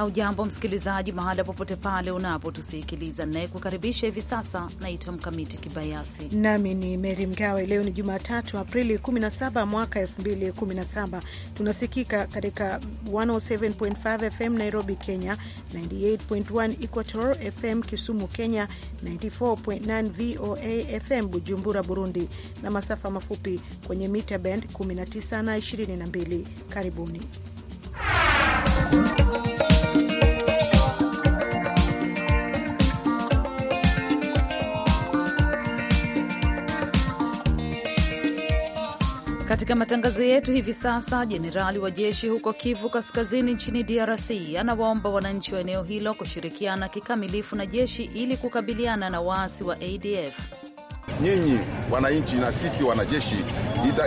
Haujambo msikilizaji, mahala popote pale unapotusikiliza, nayekukaribisha hivi sasa naitwa Mkamiti Kibayasi nami ni Meri Mgawe. Leo ni Jumatatu, Aprili 17 mwaka 2017. Tunasikika katika 107.5 FM Nairobi, Kenya, 98.1 Equator FM Kisumu, Kenya, 94.9 VOA FM Bujumbura, Burundi, na masafa mafupi kwenye mita bend 19 na 22. Karibuni Katika matangazo yetu hivi sasa, jenerali wa jeshi huko Kivu Kaskazini nchini DRC anawaomba wananchi wa eneo hilo kushirikiana kikamilifu na jeshi ili kukabiliana na waasi wa ADF. Nyinyi wananchi na sisi wanajeshi,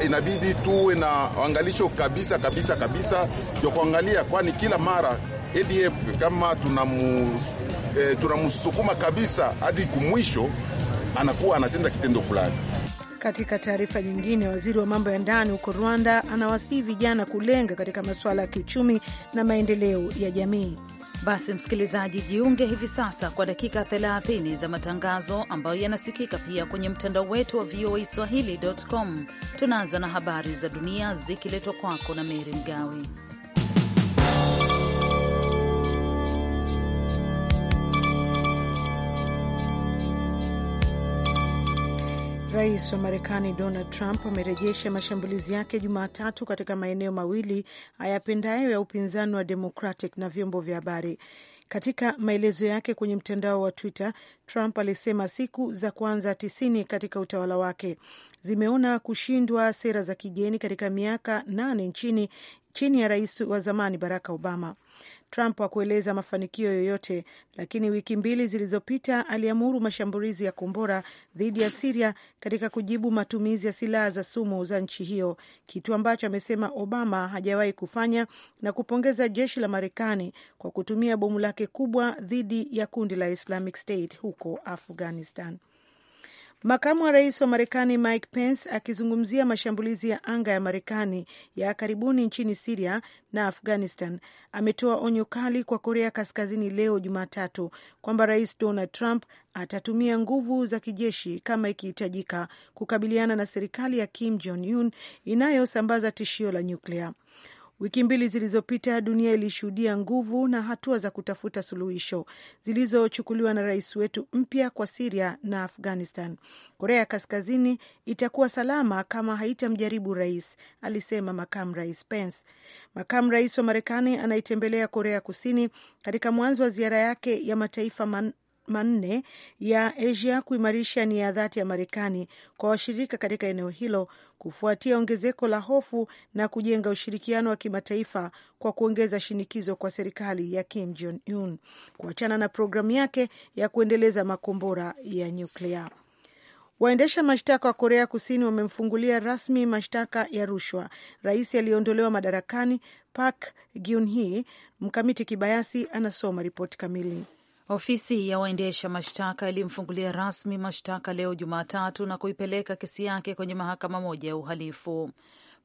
inabidi tuwe na angalisho kabisa kabisa kabisa ya kuangalia, kwani kila mara ADF kama tunamu, e, eh, tunamsukuma kabisa hadi kumwisho, anakuwa anatenda kitendo fulani katika taarifa nyingine, waziri wa mambo ya ndani huko Rwanda anawasihi vijana kulenga katika masuala ya kiuchumi na maendeleo ya jamii. Basi msikilizaji, jiunge hivi sasa kwa dakika 30 za matangazo ambayo yanasikika pia kwenye mtandao wetu wa VOA Swahili.com. Tunaanza na habari za dunia zikiletwa kwako na Meri Mgawe. Rais wa Marekani Donald Trump amerejesha mashambulizi yake Jumatatu katika maeneo mawili ayapendayo ya upinzani wa Democratic na vyombo vya habari. Katika maelezo yake kwenye mtandao wa Twitter, Trump alisema siku za kwanza tisini katika utawala wake zimeona kushindwa sera za kigeni katika miaka nane nchini chini ya rais wa zamani Barack Obama. Trump hakueleza mafanikio yoyote, lakini wiki mbili zilizopita aliamuru mashambulizi ya kombora dhidi ya Siria katika kujibu matumizi ya silaha za sumu za nchi hiyo, kitu ambacho amesema Obama hajawahi kufanya, na kupongeza jeshi la Marekani kwa kutumia bomu lake kubwa dhidi ya kundi la Islamic State huko Afghanistan. Makamu wa rais wa Marekani Mike Pence akizungumzia mashambulizi ya anga ya Marekani ya karibuni nchini Siria na Afghanistan ametoa onyo kali kwa Korea Kaskazini leo Jumatatu kwamba Rais Donald Trump atatumia nguvu za kijeshi kama ikihitajika kukabiliana na serikali ya Kim Jong Un inayosambaza tishio la nyuklia. Wiki mbili zilizopita, dunia ilishuhudia nguvu na hatua za kutafuta suluhisho zilizochukuliwa na rais wetu mpya kwa Siria na Afghanistan. Korea ya Kaskazini itakuwa salama kama haitamjaribu rais, alisema makamu rais Pence. Makamu rais wa Marekani anaitembelea Korea Kusini katika mwanzo wa ziara yake ya mataifa man manne ya Asia kuimarisha nia ya dhati ya Marekani kwa washirika katika eneo hilo kufuatia ongezeko la hofu na kujenga ushirikiano wa kimataifa kwa kuongeza shinikizo kwa serikali ya Kim Jong Un kuachana na programu yake ya kuendeleza makombora ya nyuklia. Waendesha mashtaka wa Korea Kusini wamemfungulia rasmi mashtaka ya rushwa rais aliyeondolewa madarakani Park Geun-hye. Mkamiti Kibayasi anasoma ripoti kamili. Ofisi ya waendesha mashtaka ilimfungulia rasmi mashtaka leo Jumatatu na kuipeleka kesi yake kwenye mahakama moja ya uhalifu.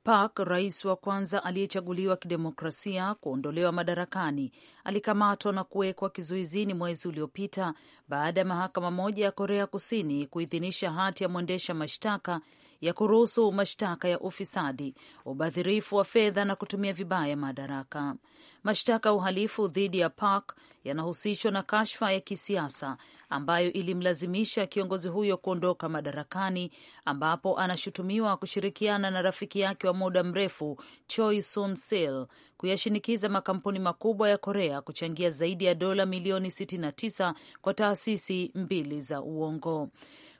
Park, rais wa kwanza aliyechaguliwa kidemokrasia kuondolewa madarakani, alikamatwa na kuwekwa kizuizini mwezi uliopita baada ya mahakama moja ya Korea Kusini kuidhinisha hati ya mwendesha mashtaka ya kuruhusu mashtaka ya ufisadi, ubadhirifu wa fedha na kutumia vibaya madaraka. Mashtaka ya uhalifu dhidi ya Park yanahusishwa na kashfa ya kisiasa ambayo ilimlazimisha kiongozi huyo kuondoka madarakani, ambapo anashutumiwa kushirikiana na rafiki yake wa muda mrefu Choi Soon Sil kuyashinikiza makampuni makubwa ya Korea kuchangia zaidi ya dola milioni 69 kwa taasisi mbili za uongo.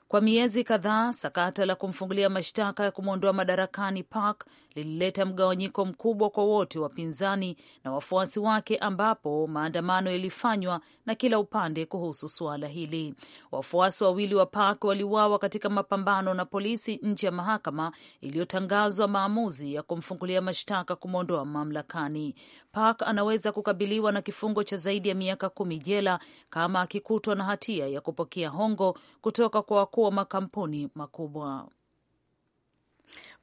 Kwa miezi kadhaa, sakata la kumfungulia mashtaka ya kumwondoa madarakani Park lilileta mgawanyiko mkubwa kwa wote wapinzani na wafuasi wake, ambapo maandamano yalifanywa na kila upande kuhusu suala hili. Wafuasi wawili wa Park waliuawa katika mapambano na polisi nje ya mahakama iliyotangazwa maamuzi ya kumfungulia mashtaka kumwondoa mamlakani. Park anaweza kukabiliwa na kifungo cha zaidi ya miaka kumi jela kama akikutwa na hatia ya kupokea hongo kutoka kwa wakuu wa makampuni makubwa.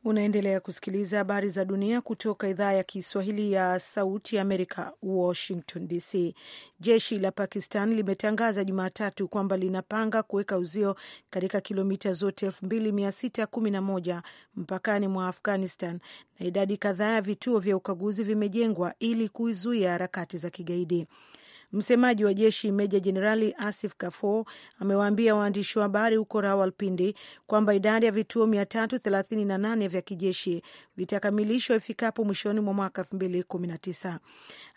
Unaendelea kusikiliza habari za dunia kutoka idhaa ya Kiswahili ya Sauti ya Amerika, Washington DC. Jeshi la Pakistan limetangaza Jumatatu kwamba linapanga kuweka uzio katika kilomita zote 2611 mpakani mwa Afghanistan, na idadi kadhaa ya vituo vya ukaguzi vimejengwa ili kuzuia harakati za kigaidi. Msemaji wa jeshi Meja Jenerali Asif Gafoor amewaambia waandishi wa habari huko Rawalpindi kwamba idadi ya vituo 338 vya kijeshi vitakamilishwa ifikapo mwishoni mwa mwaka 2019.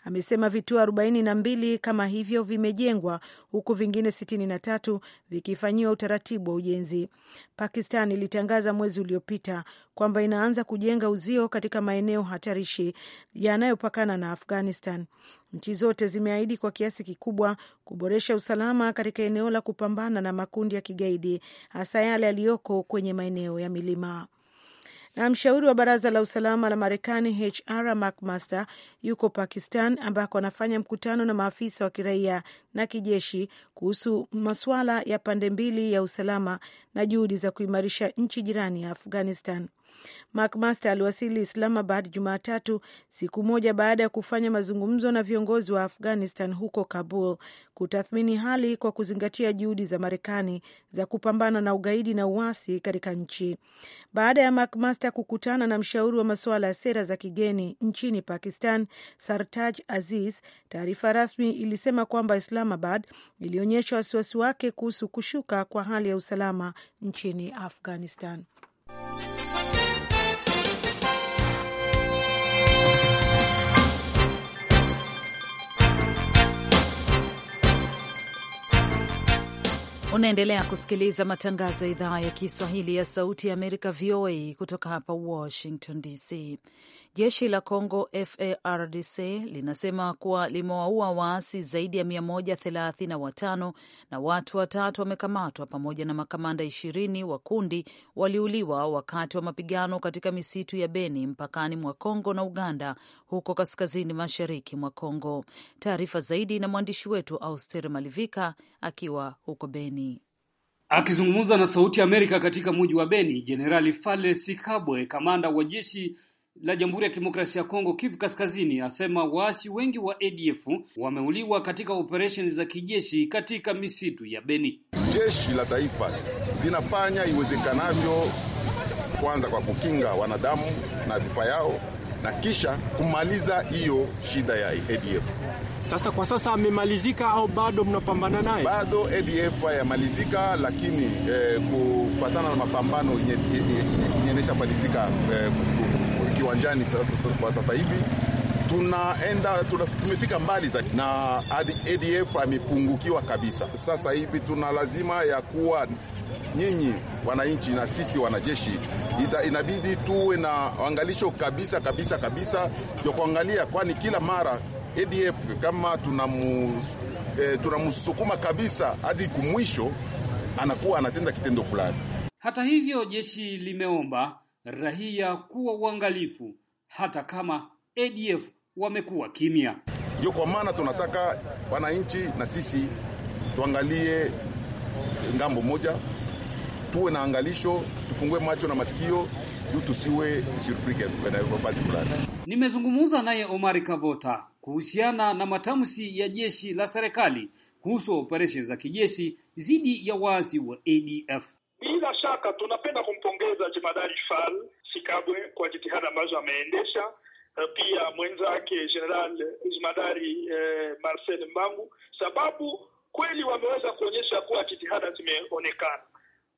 Amesema vituo 42 kama hivyo vimejengwa huku vingine 63 vikifanyiwa utaratibu wa ujenzi. Pakistan ilitangaza mwezi uliopita kwamba inaanza kujenga uzio katika maeneo hatarishi yanayopakana na Afghanistan. Nchi zote zimeahidi kwa kiasi kikubwa kuboresha usalama katika eneo la kupambana na makundi ya kigaidi, hasa yale yaliyoko kwenye maeneo ya milima. Na mshauri wa baraza la usalama la Marekani HR McMaster yuko Pakistan ambako anafanya mkutano na maafisa wa kiraia na kijeshi kuhusu masuala ya pande mbili ya usalama na juhudi za kuimarisha nchi jirani ya Afghanistan. McMaster aliwasili Islamabad Jumatatu, siku moja baada ya kufanya mazungumzo na viongozi wa Afghanistan huko Kabul kutathmini hali kwa kuzingatia juhudi za Marekani za kupambana na ugaidi na uasi katika nchi. Baada ya McMaster kukutana na mshauri wa masuala ya sera za kigeni nchini Pakistan, Sartaj Aziz, taarifa rasmi ilisema kwamba Islamabad ilionyesha wasiwasi wake kuhusu kushuka kwa hali ya usalama nchini Afghanistan. Unaendelea kusikiliza matangazo ya idhaa ya Kiswahili ya Sauti ya Amerika, VOA, kutoka hapa Washington DC. Jeshi la Congo FARDC linasema kuwa limewaua waasi zaidi ya 135 na watu watatu wamekamatwa pamoja na makamanda ishirini wa kundi waliuliwa wakati wa mapigano katika misitu ya Beni mpakani mwa Congo na Uganda, huko kaskazini mashariki mwa Congo. Taarifa zaidi na mwandishi wetu Auster Malivika akiwa huko Beni. Akizungumza na Sauti ya Amerika katika muji wa Beni, Jenerali Fale Sikabwe, kamanda wa jeshi la Jamhuri ya Kidemokrasia ya Kongo, Kivu Kaskazini, asema waasi wengi wa ADF wameuliwa katika operesheni za kijeshi katika misitu ya Beni. Jeshi la taifa zinafanya iwezekanavyo, kwanza kwa kukinga wanadamu na vifaa yao na kisha kumaliza hiyo shida ya ADF. Sasa kwa sasa amemalizika au bado mnapambana naye? Bado ADF hayamalizika, lakini eh, kufuatana na mapambano yenye malizika eh, kiwanjani sasa, kwa sasa hivi tunaenda tuna, tumefika mbali zaidi na ADF amepungukiwa kabisa. Sasa hivi tuna lazima ya kuwa nyinyi wananchi na sisi wanajeshi ita, inabidi tuwe na angalisho kabisa kabisa kabisa ya kuangalia, kwani kila mara ADF kama tunamu, e, eh, tunamsukuma kabisa hadi kumwisho, anakuwa anatenda kitendo fulani. Hata hivyo jeshi limeomba raia kuwa uangalifu, hata kama ADF wamekuwa kimya. Ndio kwa maana tunataka wananchi na sisi tuangalie ngambo moja, tuwe na angalisho, tufungue macho na masikio juu tusiwe surprise fulani. Nimezungumza naye Omari Kavota kuhusiana na matamshi ya jeshi la serikali kuhusu operesheni za kijeshi dhidi ya waasi wa ADF shaka tunapenda kumpongeza jemadari Fal Sikabwe kwa jitihada ambazo ameendesha, eh, pia mwenzake general jemadari eh, Marcel Mbangu, sababu kweli wameweza kuonyesha kuwa jitihada zimeonekana,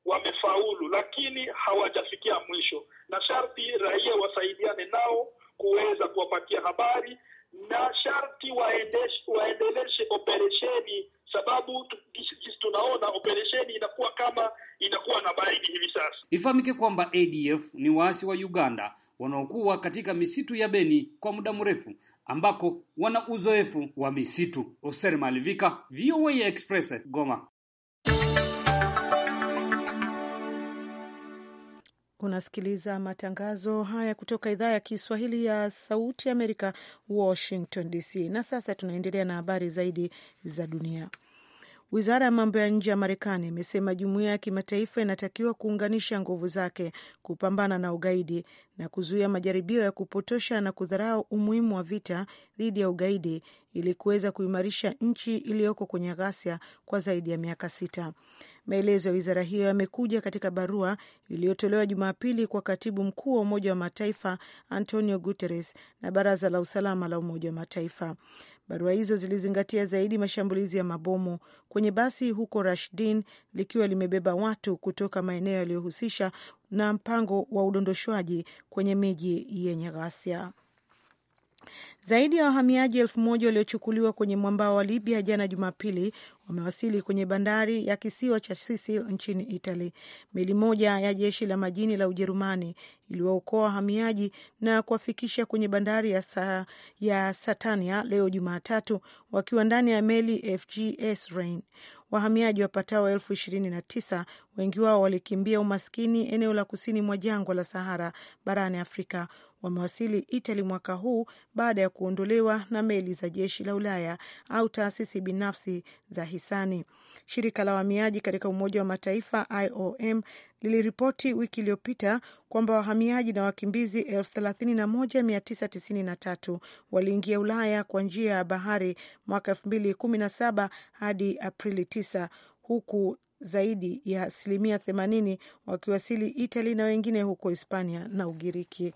wamefaulu, lakini hawajafikia mwisho, na sharti raia wasaidiane nao kuweza kuwapatia habari na sharti waendeleshe operesheni sababu tunaona operesheni inakuwa kama inakuwa na baridi hivi sasa. Ifahamike kwamba ADF ni waasi wa Uganda wanaokuwa katika misitu ya Beni kwa muda mrefu, ambako wana uzoefu wa misitu. Oser Malivika, VOA Express, Goma. Unasikiliza matangazo haya kutoka idhaa ya Kiswahili ya Sauti Amerika, Washington DC. Na sasa tunaendelea na habari zaidi za dunia. Wizara ya mambo ya nje ya Marekani imesema jumuiya ya kimataifa inatakiwa kuunganisha nguvu zake kupambana na ugaidi na kuzuia majaribio ya kupotosha na kudharau umuhimu wa vita dhidi ya ugaidi ili kuweza kuimarisha nchi iliyoko kwenye ghasia kwa zaidi ya miaka sita. Maelezo ya wizara hiyo yamekuja katika barua iliyotolewa Jumapili kwa katibu mkuu wa Umoja wa Mataifa Antonio Guterres na Baraza la Usalama la Umoja wa Mataifa. Barua hizo zilizingatia zaidi mashambulizi ya mabomu kwenye basi huko Rashdin likiwa limebeba watu kutoka maeneo yaliyohusisha na mpango wa udondoshwaji kwenye miji yenye ghasia. Zaidi ya wahamiaji elfu moja waliochukuliwa kwenye mwambao wa Libya jana Jumapili wamewasili kwenye bandari ya kisiwa cha Sisili nchini Italy. Meli moja ya jeshi la majini la Ujerumani iliwaokoa wahamiaji na kuwafikisha kwenye bandari ya, sa, ya Satania leo Jumatatu wakiwa ndani ya meli FGS Rain. Wahamiaji wapatao elfu ishirini na tisa Wengi wao walikimbia umaskini eneo la kusini mwa jangwa la Sahara barani Afrika. Wamewasili Itali mwaka huu baada ya kuondolewa na meli za jeshi la Ulaya au taasisi binafsi za hisani. Shirika la wahamiaji katika Umoja wa Mataifa IOM liliripoti wiki iliyopita kwamba wahamiaji na wakimbizi 31993 waliingia Ulaya kwa njia ya bahari mwaka 2017 hadi Aprili 9 huku zaidi ya asilimia 80 wakiwasili Itali na wengine huko Hispania na Ugiriki.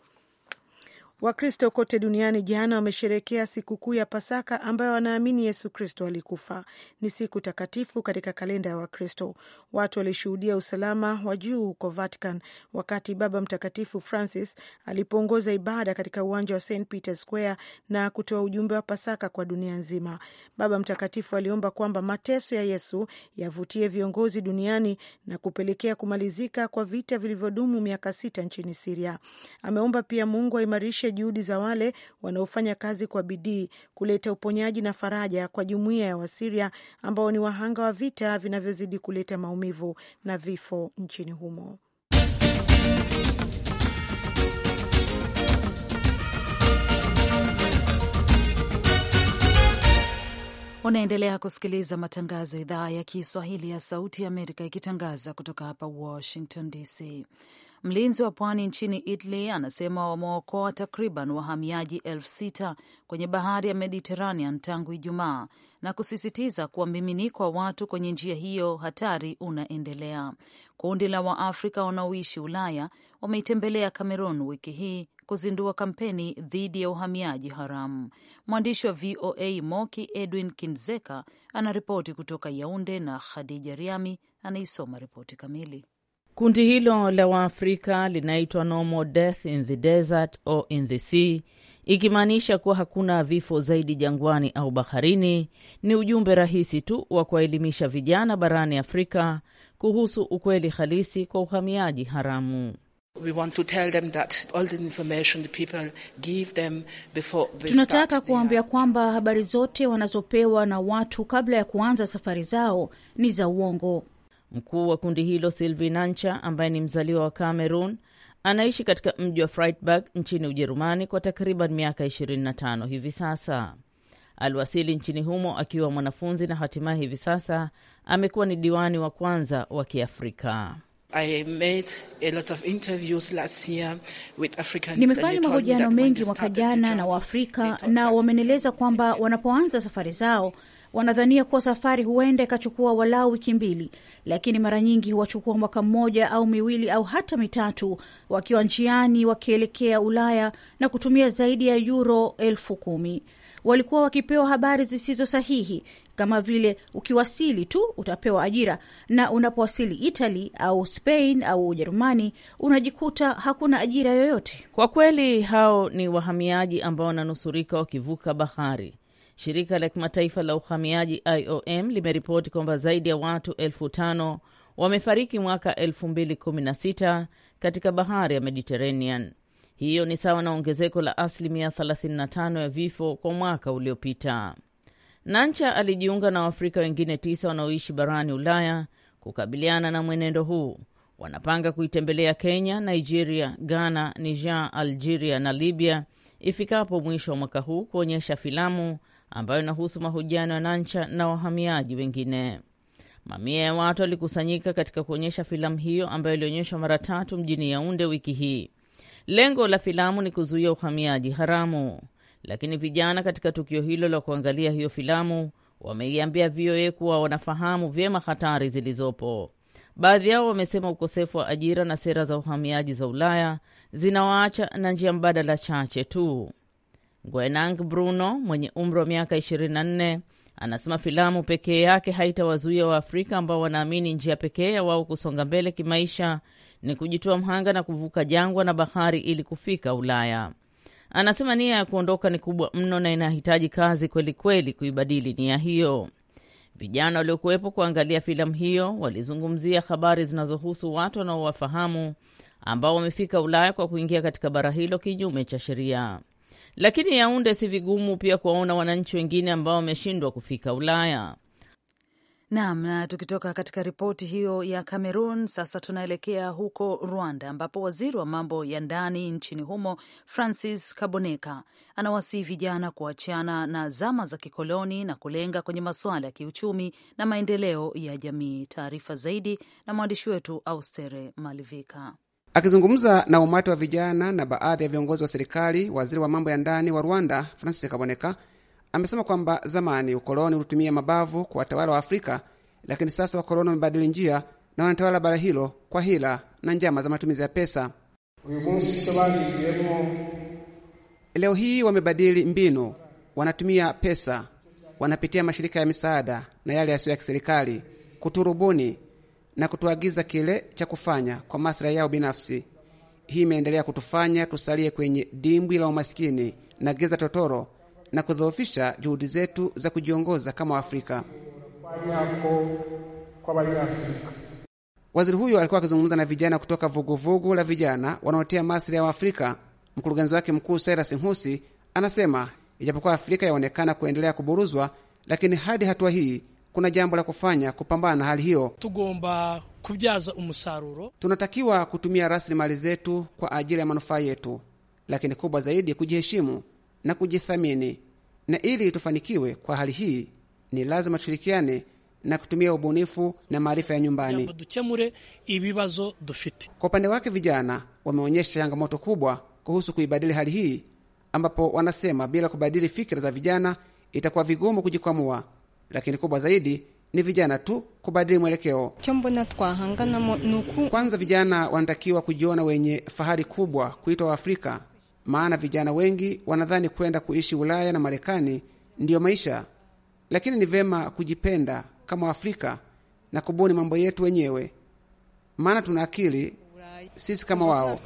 Wakristo kote duniani jana wamesherekea sikukuu ya Pasaka ambayo wanaamini Yesu Kristo alikufa. Ni siku takatifu katika kalenda ya Wakristo. Watu walishuhudia usalama wa juu huko Vatican wakati Baba Mtakatifu Francis alipoongoza ibada katika uwanja wa St Peter Square na kutoa ujumbe wa Pasaka kwa dunia nzima. Baba Mtakatifu aliomba kwamba mateso ya Yesu yavutie viongozi duniani na kupelekea kumalizika kwa vita vilivyodumu miaka sita nchini Siria. Ameomba pia Mungu aimarishe kuimarisha juhudi za wale wanaofanya kazi kwa bidii kuleta uponyaji na faraja kwa jumuiya ya Wasiria ambao ni wahanga wa vita vinavyozidi kuleta maumivu na vifo nchini humo. Unaendelea kusikiliza matangazo ya idhaa ya Kiswahili ya Sauti ya Amerika ikitangaza kutoka hapa Washington DC. Mlinzi wa pwani nchini Italy anasema wameokoa takriban wahamiaji elfu sita kwenye bahari ya Mediterranean tangu Ijumaa na kusisitiza kuwa mmiminiko wa watu kwenye njia hiyo hatari unaendelea. Kundi la Waafrika wanaoishi Ulaya wameitembelea Cameroon wiki hii kuzindua kampeni dhidi ya uhamiaji haramu. Mwandishi wa VOA Moki Edwin Kinzeka anaripoti kutoka Yaunde na Khadija Riami anaisoma ripoti kamili. Kundi hilo la Waafrika linaitwa No More Death in the Desert or in the Sea, ikimaanisha kuwa hakuna vifo zaidi jangwani au baharini. Ni ujumbe rahisi tu wa kuwaelimisha vijana barani Afrika kuhusu ukweli halisi kwa uhamiaji haramu. Tunataka kuwaambia kwamba habari zote wanazopewa na watu kabla ya kuanza safari zao ni za uongo. Mkuu wa kundi hilo silvi Nancha ambaye ni mzaliwa wa Cameroon anaishi katika mji wa Freiburg nchini Ujerumani kwa takriban miaka 25 hivi sasa. Aliwasili nchini humo akiwa mwanafunzi na hatimaye hivi sasa amekuwa ni diwani wa kwanza wa Kiafrika. Nimefanya mahojiano mengi mwaka jana na Waafrika na wameneleza kwamba wanapoanza safari zao wanadhania kuwa safari huenda ikachukua walau wiki mbili, lakini mara nyingi huwachukua mwaka mmoja au miwili au hata mitatu, wakiwa njiani wakielekea Ulaya na kutumia zaidi ya yuro elfu kumi. Walikuwa wakipewa habari zisizo sahihi kama vile ukiwasili tu utapewa ajira, na unapowasili Italy au Spain au Ujerumani unajikuta hakuna ajira yoyote. Kwa kweli, hao ni wahamiaji ambao wananusurika wakivuka bahari. Shirika la kimataifa la uhamiaji IOM limeripoti kwamba zaidi ya watu elfu tano wamefariki mwaka 2016 katika bahari ya Mediterranean. Hiyo ni sawa na ongezeko la asilimia 35 ya vifo kwa mwaka uliopita. Nancha alijiunga na Waafrika wengine tisa wanaoishi barani Ulaya kukabiliana na mwenendo huu. Wanapanga kuitembelea Kenya, Nigeria, Ghana, Niger, Algeria na Libya ifikapo mwisho wa mwaka huu kuonyesha filamu ambayo inahusu mahojiano ya Nancha na wahamiaji wengine. Mamia ya watu walikusanyika katika kuonyesha filamu hiyo ambayo ilionyeshwa mara tatu mjini Yaunde wiki hii. Lengo la filamu ni kuzuia uhamiaji haramu lakini vijana katika tukio hilo la kuangalia hiyo filamu wameiambia VOA kuwa wanafahamu vyema hatari zilizopo. Baadhi yao wamesema ukosefu wa ajira na sera za uhamiaji za Ulaya zinawaacha na njia mbadala chache tu. Gwenang Bruno mwenye umri wa miaka 24 anasema filamu pekee yake haitawazuia Waafrika ambao wanaamini njia pekee ya wao kusonga mbele kimaisha ni kujitoa mhanga na kuvuka jangwa na bahari ili kufika Ulaya. Anasema nia ya kuondoka ni kubwa mno na inahitaji kazi kweli kweli kuibadili nia hiyo. Vijana waliokuwepo kuangalia filamu hiyo walizungumzia habari zinazohusu watu wanaowafahamu ambao wamefika Ulaya kwa kuingia katika bara hilo kinyume cha sheria. Lakini Yaunde si vigumu pia kuwaona wananchi wengine ambao wameshindwa kufika Ulaya. Naam, na tukitoka katika ripoti hiyo ya Cameroon, sasa tunaelekea huko Rwanda, ambapo waziri wa mambo ya ndani nchini humo Francis Kaboneka anawasihi vijana kuachana na zama za kikoloni na kulenga kwenye masuala ya kiuchumi na maendeleo ya jamii. Taarifa zaidi na mwandishi wetu Austere Malivika. Akizungumza na umati wa vijana na baadhi ya viongozi wa serikali, waziri wa mambo ya ndani wa Rwanda Francis Kaboneka amesema kwamba zamani ukoloni ulitumia mabavu kwa watawala wa Afrika, lakini sasa wakoloni wamebadili njia na wanatawala bara hilo kwa hila na njama za matumizi ya pesa. Leo hii wamebadili mbinu, wanatumia pesa, wanapitia mashirika ya misaada na yale yasiyo ya kiserikali kuturubuni na kutuagiza kile cha kufanya kwa maslahi yao binafsi. Hii imeendelea kutufanya tusalie kwenye dimbwi la umasikini na giza totoro na kudhoofisha juhudi zetu za kujiongoza kama Waafrika. Waziri huyo alikuwa akizungumza na vijana kutoka vuguvugu la vijana wanaotia masri ya Waafrika. Mkurugenzi wake mkuu Cyrus n'husi anasema ijapokuwa Afrika yaonekana kuendelea kuburuzwa, lakini hadi hatua hii kuna jambo la kufanya kupambana na hali hiyo. tugomba kubyaza umusaruro, tunatakiwa kutumia rasilimali zetu kwa ajili ya manufaa yetu, lakini kubwa zaidi kujiheshimu na kujithamini, na ili tufanikiwe kwa hali hii ni lazima tushirikiane na kutumia ubunifu na maarifa ya nyumbani. Kwa upande wake, vijana wameonyesha changamoto kubwa kuhusu kuibadili hali hii, ambapo wanasema bila kubadili fikira za vijana itakuwa vigumu kujikwamua, lakini kubwa zaidi ni vijana tu kubadili mwelekeo. Kwanza vijana wanatakiwa kujiona wenye fahari kubwa kuitwa Waafrika maana vijana wengi wanadhani kwenda kuishi Ulaya na Marekani ndiyo maisha, lakini ni vema kujipenda kama Waafrika na kubuni mambo yetu wenyewe, maana tuna akili sisi kama wao.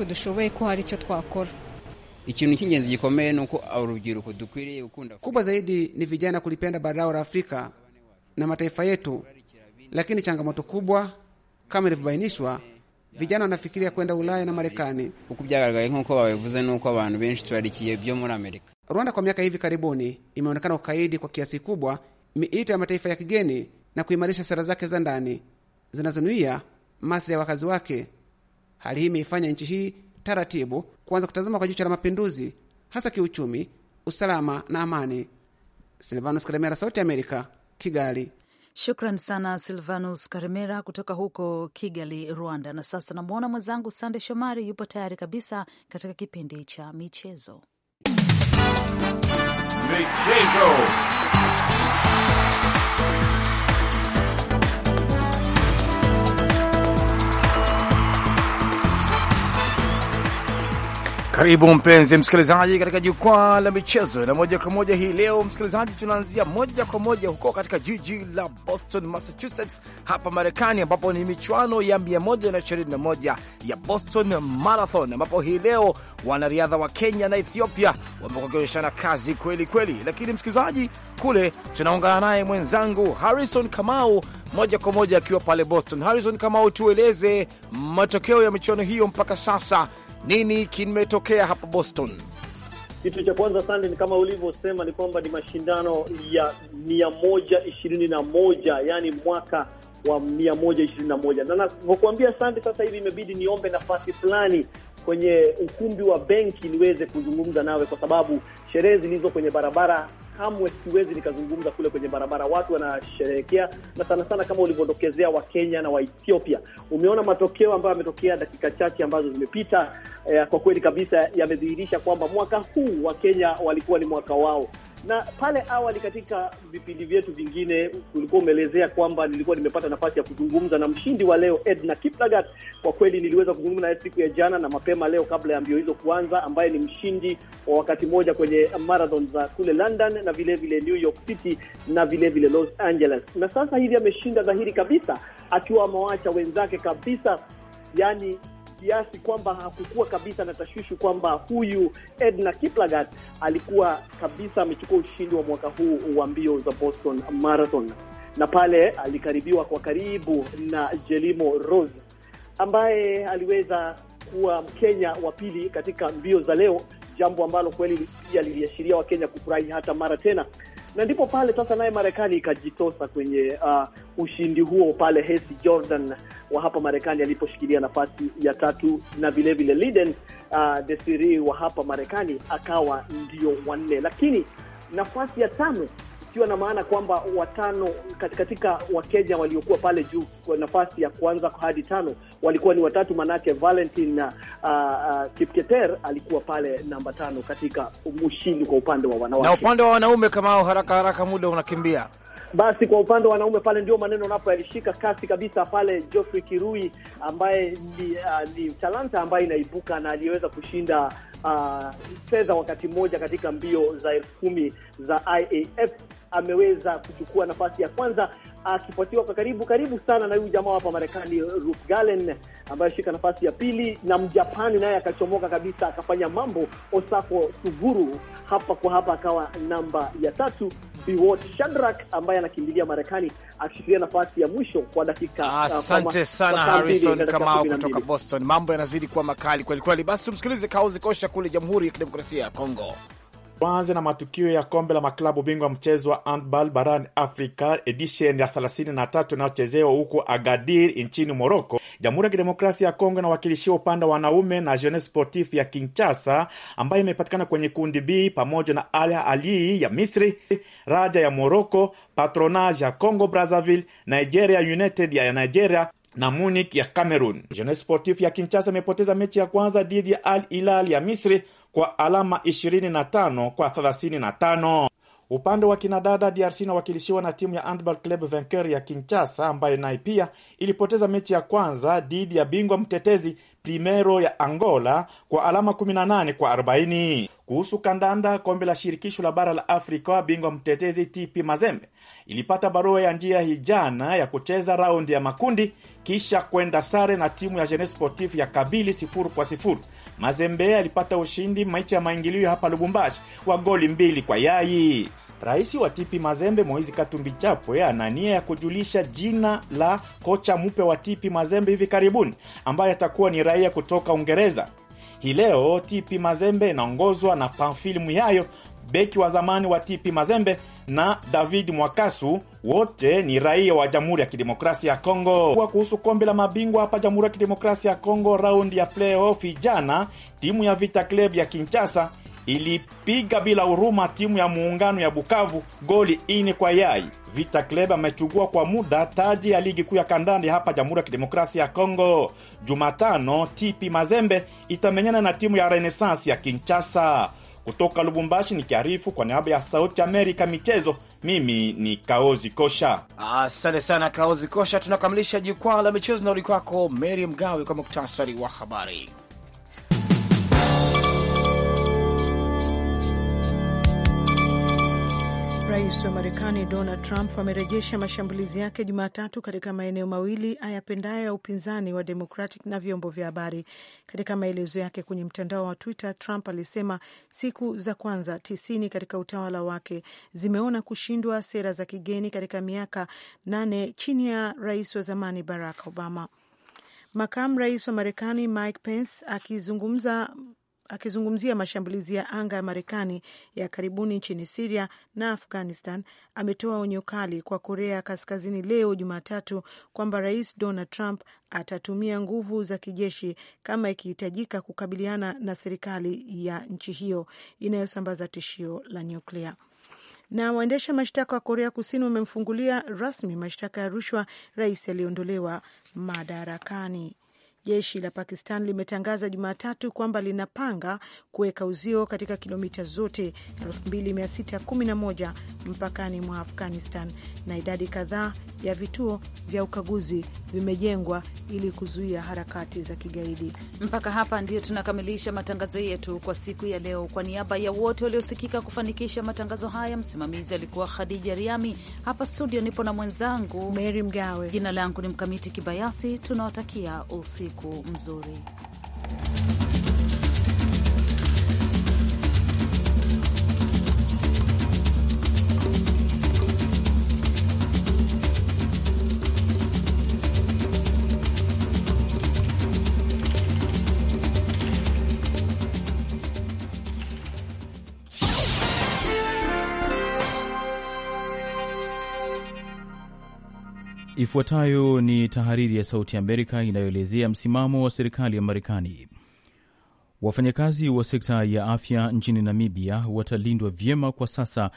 Kubwa zaidi ni vijana kulipenda bara la Afrika na mataifa yetu, lakini changamoto kubwa kama ilivyobainishwa vijana wanafikiria kwenda Ulaya na Marekani. Rwanda kwa miaka hivi karibuni imeonekana ukaidi kwa kiasi kubwa miito ya mataifa ya kigeni na kuimarisha sera zake za ndani zinazonuia maslahi ya wakazi wake. Hali hii imeifanya nchi hii taratibu kuanza kutazama kwa jicho la mapinduzi, hasa kiuchumi, usalama na amani. Silvanus Kalemera, Sauti ya Amerika, Kigali. Shukran sana Silvanus karimera kutoka huko Kigali, Rwanda. Na sasa namwona mwenzangu Sande Shomari yupo tayari kabisa katika kipindi cha michezo. Michezo. Karibu mpenzi msikilizaji, katika jukwaa la michezo, na moja kwa moja hii leo msikilizaji, tunaanzia moja kwa moja huko katika jiji la Boston, Massachusetts, hapa Marekani, ambapo ni michuano ya 121 ya Boston Marathon, ambapo hii leo wanariadha wa Kenya na Ethiopia wamekuwa wakionyeshana kazi kweli kweli. Lakini msikilizaji, kule tunaungana naye mwenzangu Harrison Kamau moja kwa moja akiwa pale Boston. Harrison Kamau, tueleze matokeo ya michuano hiyo mpaka sasa nini kimetokea hapo Boston? Kitu cha kwanza sande, ni kama ulivyosema, ni kwamba ni mashindano ya 121 yani mwaka wa 121 na navyokuambia sande, sasa hivi imebidi niombe nafasi fulani kwenye ukumbi wa benki niweze kuzungumza nawe, kwa sababu sherehe zilizo kwenye barabara kamwe siwezi nikazungumza kule kwenye barabara, watu wanasherehekea, na sana sana kama ulivyodokezea kenya na Waethiopia. Umeona matokeo ambayo yametokea dakika chache ambazo zimepita. Eh, kwa kweli kabisa yamedhihirisha kwamba mwaka huu wa kenya walikuwa ni mwaka wao na pale awali katika vipindi vyetu vingine ulikuwa umeelezea kwamba nilikuwa nimepata nafasi ya kuzungumza na mshindi wa leo Edna Kiplagat. Kwa kweli niliweza kuzungumza naye siku ya jana na mapema leo kabla ya mbio hizo kuanza, ambaye ni mshindi wa wakati mmoja kwenye marathon za kule London na vile vile New York City na vile vile Los Angeles, na sasa hivi ameshinda dhahiri kabisa, akiwa amewaacha wenzake kabisa, yani kiasi kwamba hakukuwa kabisa na tashwishi kwamba huyu Edna Kiplagat alikuwa kabisa amechukua ushindi wa mwaka huu wa mbio za Boston Marathon, na pale alikaribiwa kwa karibu na Jelimo Rose ambaye aliweza kuwa Mkenya wa pili katika mbio za leo, jambo ambalo kweli pia liliashiria Wakenya kufurahi hata mara tena na ndipo pale sasa naye Marekani ikajitosa kwenye uh, ushindi huo pale Hesi Jordan wa hapa Marekani aliposhikilia nafasi ya tatu na vilevile Liden uh, Desiri wa hapa Marekani akawa ndio wanne, lakini nafasi ya tano ikiwa na maana kwamba watano katika Wakenya waliokuwa pale juu kwa nafasi ya kwanza hadi tano walikuwa ni watatu, maanaake Valentin uh, uh, Kipketer alikuwa pale namba tano katika ushindi kwa upande wa wanawake. Na upande wa wanaume, kama haraka haraka, muda unakimbia basi kwa upande wa wanaume pale ndio maneno napo yalishika kasi kabisa pale. Geoffrey Kirui ambaye ni, uh, ni talanta ambaye inaibuka na aliyeweza kushinda uh, fedha uh, wakati mmoja katika mbio za elfu kumi za IAF ameweza kuchukua nafasi ya kwanza akifuatiwa kwa karibu karibu sana na huyu jamaa hapa Marekani Ruth Galen ambaye ashika nafasi ya pili, na Mjapani naye akachomoka kabisa akafanya mambo. Osafo Suguru hapa kwa hapa akawa namba ya tatu. Biwot Shadrack ambaye anakimbilia Marekani akishikilia nafasi ya mwisho kwa dakika. Ah, asante sana Harrison Kamau kutoka Boston. Mambo yanazidi kuwa makali kwelikweli. Basi tumsikilize Kauzi Kosha kule Jamhuri ya Kidemokrasia ya Kongo. Tuanze na matukio ya kombe la maklabu bingwa mchezo wa handball barani Afrika edition ya 33 inayochezewa huko Agadir nchini Moroko. Jamhuri ya Kidemokrasia ya Kongo inawakilishiwa upande wa wanaume na Jeunesse Sportif ya Kinshasa ambayo imepatikana kwenye kundi B pamoja na Al Ahly ya Misri, Raja ya Moroko, Patronage ya Congo Brazzaville, Nigeria United ya Nigeria na Munich ya Cameroon. Jeunesse Sportif ya Kinshasa imepoteza mechi ya kwanza dhidi ya Al Hilal ya Misri kwa alama 25 kwa 35. Upande wa kinadada DRC inawakilishiwa na timu ya handball club Vainqueur ya Kinshasa ambayo naye pia ilipoteza mechi ya kwanza dhidi ya bingwa mtetezi Primero ya Angola kwa alama 18 kwa 40. Kuhusu kandanda, kombe la shirikisho la bara la Afrika, bingwa mtetezi TP Mazembe ilipata barua ya njia hijana ya kucheza raundi ya makundi kisha kwenda sare na timu ya Jeunesse Sportif ya Kabili sifuru kwa sifuru. Mazembe alipata ushindi mechi ya maingilio hapa Lubumbashi wa goli mbili kwa yai. Rais wa Tipi Mazembe Moizi Katumbi Chapwe ana nia ya kujulisha jina la kocha mpe wa Tipi Mazembe hivi karibuni ambaye atakuwa ni raia kutoka Uingereza. Hii leo Tipi Mazembe inaongozwa na Pamfili Muyayo, beki wa zamani wa Tipi Mazembe na David Mwakasu wote ni raia wa Jamhuri ya Kidemokrasia ya Kongo. Kwa kuhusu kombe la mabingwa hapa Jamhuri ya Kidemokrasia ya Kongo, raundi ya playoff jana, timu ya Vita Club ya Kinshasa ilipiga bila huruma timu ya Muungano ya Bukavu goli ini kwa yai. Vita Club amechukua kwa muda taji ya ligi kuu ya kandanda hapa Jamhuri ya Kidemokrasia ya Kongo. Jumatano, TP Mazembe itamenyana na timu ya Renaissance ya Kinshasa. Kutoka Lubumbashi kiarifu kwa niaba ya Sauti Amerika michezo, mimi ni Kaozi Kosha. Asante sana Kaozi Kosha. Tunakamilisha jukwaa la michezo na uli kwako Mary Mgawe kwa muktasari wa habari. Rais wa Marekani Donald Trump amerejesha mashambulizi yake Jumatatu katika maeneo mawili ayapendayo ya upinzani wa Democratic na vyombo vya habari. Katika maelezo yake kwenye mtandao wa Twitter, Trump alisema siku za kwanza tisini katika utawala wake zimeona kushindwa sera za kigeni katika miaka nane chini ya rais wa zamani Barack Obama. Makamu rais wa Marekani Mike Pence akizungumza akizungumzia mashambulizi ya anga ya Marekani ya karibuni nchini Siria na Afghanistan, ametoa onyo kali kwa Korea Kaskazini leo Jumatatu kwamba Rais Donald Trump atatumia nguvu za kijeshi kama ikihitajika kukabiliana na serikali ya nchi hiyo inayosambaza tishio la nyuklia. Na waendesha mashtaka wa Korea Kusini wamemfungulia rasmi mashtaka ya rushwa rais aliyeondolewa madarakani. Jeshi la Pakistan limetangaza Jumatatu kwamba linapanga kuweka uzio katika kilomita zote 2611 mpakani mwa Afghanistan, na idadi kadhaa ya vituo vya ukaguzi vimejengwa ili kuzuia harakati za kigaidi. Mpaka hapa ndio tunakamilisha matangazo yetu kwa siku ya leo. Kwa niaba ya wote waliosikika kufanikisha matangazo haya, msimamizi alikuwa Khadija Riami. Hapa studio nipo na mwenzangu Meri Mgawe. Jina langu ni Mkamiti Kibayasi. Tunawatakia usiku usiku mzuri. Ifuatayo ni tahariri ya Sauti Amerika inayoelezea msimamo wa serikali ya Marekani. Wafanyakazi wa sekta ya afya nchini Namibia watalindwa vyema kwa sasa,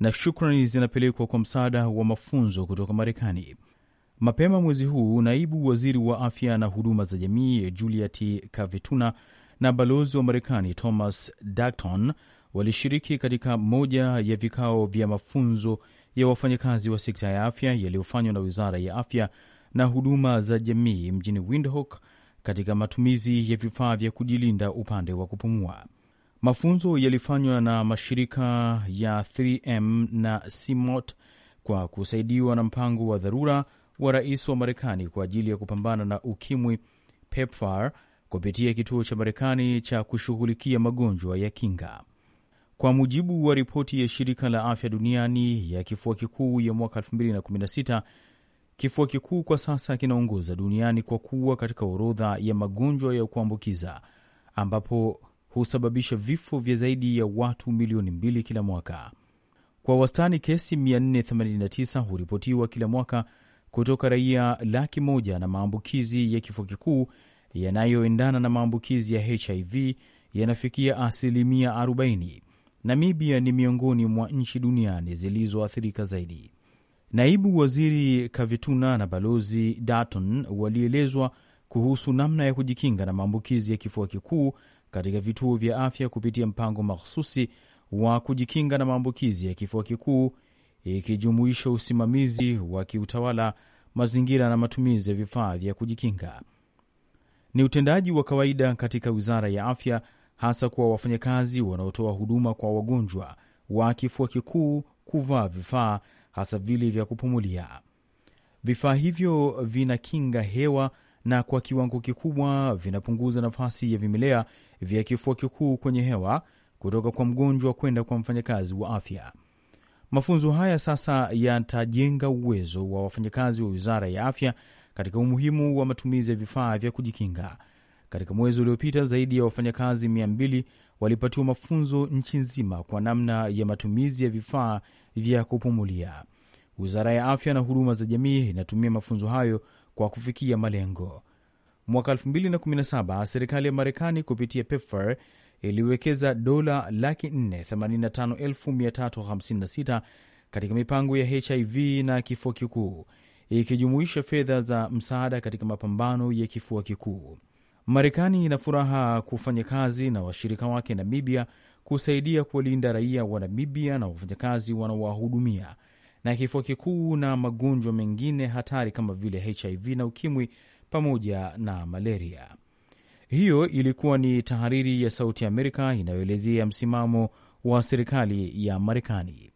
na shukrani zinapelekwa kwa msaada wa mafunzo kutoka Marekani. Mapema mwezi huu, naibu waziri wa afya na huduma za jamii Juliet Kavituna na balozi wa Marekani Thomas Dacton walishiriki katika moja ya vikao vya mafunzo ya wafanyakazi wa sekta ya afya yaliyofanywa na Wizara ya Afya na Huduma za Jamii mjini Windhoek katika matumizi ya vifaa vya kujilinda upande wa kupumua. Mafunzo yalifanywa na mashirika ya 3M na CMOT kwa kusaidiwa na mpango wa dharura wa rais wa Marekani kwa ajili ya kupambana na ukimwi PEPFAR kupitia kituo cha Marekani cha kushughulikia magonjwa ya kinga. Kwa mujibu wa ripoti ya shirika la afya duniani ya kifua kikuu ya mwaka 2016, kifua kikuu kwa sasa kinaongoza duniani kwa kuwa katika orodha ya magonjwa ya kuambukiza ambapo husababisha vifo vya zaidi ya watu milioni mbili kila mwaka. Kwa wastani kesi 489 huripotiwa kila mwaka kutoka raia laki moja na maambukizi ya kifua kikuu yanayoendana na maambukizi ya HIV yanafikia asilimia 40 Namibia ni miongoni mwa nchi duniani zilizoathirika zaidi. Naibu Waziri Kavituna na Balozi Daton walielezwa kuhusu namna ya kujikinga na maambukizi ya kifua kikuu katika vituo vya afya kupitia mpango mahususi wa kujikinga na maambukizi ya kifua kikuu ikijumuisha usimamizi wa kiutawala, mazingira na matumizi ya vifaa vya kujikinga. Ni utendaji wa kawaida katika Wizara ya Afya hasa kwa wafanyakazi wanaotoa huduma kwa wagonjwa wa kifua kikuu kuvaa vifaa hasa vile vya kupumulia. Vifaa hivyo vinakinga hewa na kwa kiwango kikubwa vinapunguza nafasi ya vimelea vya kifua kikuu kwenye hewa kutoka kwa mgonjwa kwenda kwa mfanyakazi wa afya. Mafunzo haya sasa yatajenga uwezo wa wafanyakazi wa Wizara ya Afya katika umuhimu wa matumizi ya vifaa vya kujikinga katika mwezi uliopita zaidi ya wafanyakazi 200 walipatiwa mafunzo nchi nzima kwa namna ya matumizi ya vifaa vya kupumulia. Wizara ya Afya na Huduma za Jamii inatumia mafunzo hayo kwa kufikia malengo. Mwaka 2017 serikali ya Marekani kupitia PEPFAR iliwekeza dola laki 485,356 katika mipango ya HIV na kifua kikuu ikijumuisha fedha za msaada katika mapambano ya kifua kikuu. Marekani ina furaha kufanya kazi na washirika wake Namibia kusaidia kuwalinda raia wa Namibia na wafanyakazi wanaowahudumia na kifua kikuu na magonjwa mengine hatari kama vile HIV na ukimwi pamoja na malaria. Hiyo ilikuwa ni tahariri ya Sauti Amerika inayoelezea msimamo wa serikali ya Marekani.